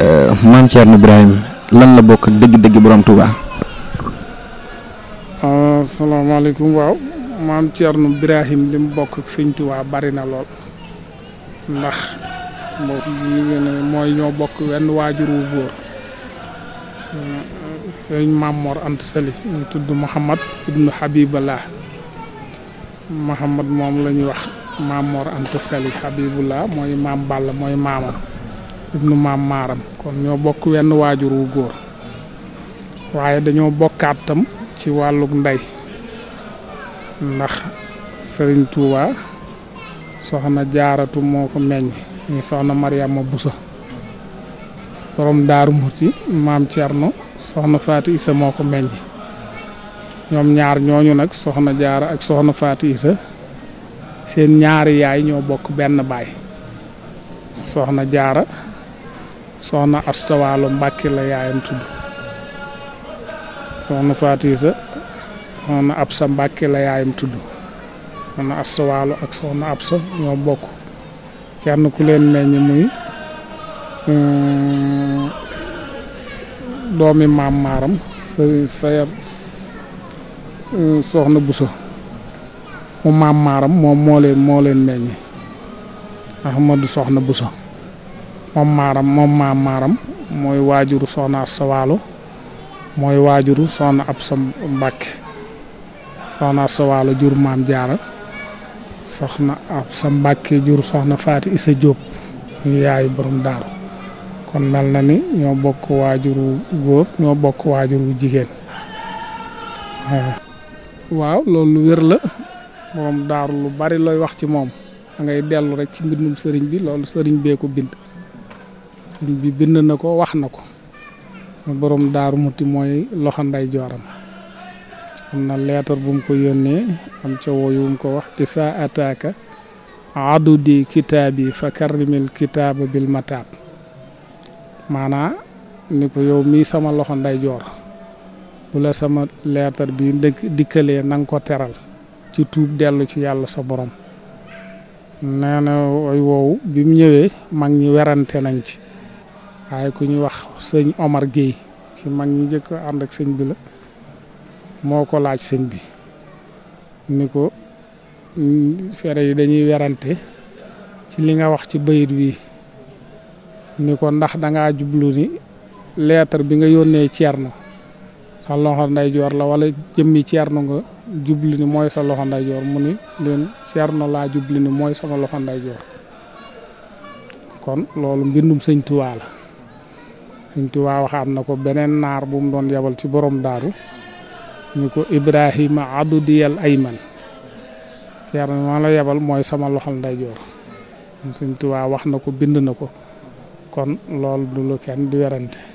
Euh, maam Thierno Ibrahim lan la bokk ak dëgg-dëgg borom Touba. Ah, asalaamaaleykum waaw maam Thierno Ibrahim li mu bokk ak sëñ Touba bari na lool ndax mooy ñoo bokk wenn waajur wu góor ah, sëñ Maam Mor Anta Sali ñu tudd Mouhamad ibnu Habiballah Mouhamad moom la ñuy wax Maam Mor Anta Sali Habibullah mooy maam Balla mooy maamam. ibnu maam maaram kon ñoo bokk wenn waajur wu góor waaye dañoo bokkaat tam ci wàlluk ndey ndax sëriñ Touba soxna jaaratu moo ko meññ ñu soxna Mariama Buso borom daaru Muxti maam Cerno soxna Faati Isa moo ko meññ ñoom ñaar ñooñu nag soxna jaara ak soxna Faati Isa seen ñaari yaay ñoo bokk benn baay soxna jaara soxna astawaalo mbàkki la yaayam tudd soxna faatisa soxna absa mbàkki la yaayam tudd soxna ak soxna absa ñoo bokk kenn ku leen meññi muy euh, doomi maam maaram euh, soxna busa mu maam maaram moom moo leen moo leen meññi ahmadu soxna busa moom maaram moom maam maaram mooy waajuru soxna Asta Waalo mooy waajuru soxna ab Mbàkke soxna Asta Waalo jur maam jaara soxna Absa Mbàkke jur soxna Faati Isa Jóob ñu yaayu borom daaru kon mel na ni ñoo bokk waajuru góor ñoo bokk waajuru jigéen eh. waaw loolu wér la borom daaru lu bari looy wax ci moom da ngay dellu rek ci mbindum sëriñ bi loolu sëriñ bee ko bind sëriñ bi bind na ko wax na ko borom daaru muti mooy loxo nday jooram na leetar bu mu ko yónnee am ca wooyu mu ko wax isa ataaka adudi kitaabi fa karrimil kitaaba bil mataab maanaa ni ko yow mii sama loxo nday joor bu la sama leetar bi dëkk dikkalee na ko teral ci tuub dellu ci yàlla sa borom nee na bi mu ñëwee mag ñi werante nañ ci waaye ku ñuy wax sëñ Omar Guèye ci mag ñi njëkk ànd ak sëñ bi la moo ko laaj sëñ bi ni ko fere yi dañuy werante ci li nga wax ci bayit wi ni ko ndax dangaa jublu ni lettre bi nga yónnee Thierno sa loxo ndeyjoor la wala jëmmi Thierno nga jublu ni mooy sa loxo ndeyjoor mu ni leen Thierno laa jublu ni mooy sama loxo ndeyjoor kon loolu mbindum sëñ Tuubaa la sëñ Tuubaa waxaat na ko beneen naar bu mu doon yabal ci borom daaru ñu ko Ibrahima adudiyal ayman seer na ma la yabal mooy sama loxol ndeyjoor sëñ waa wax na ko bind na ko kon loolu du lu kenn di werante